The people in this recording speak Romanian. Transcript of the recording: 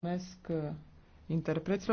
Mulțumesc uh, interpreților.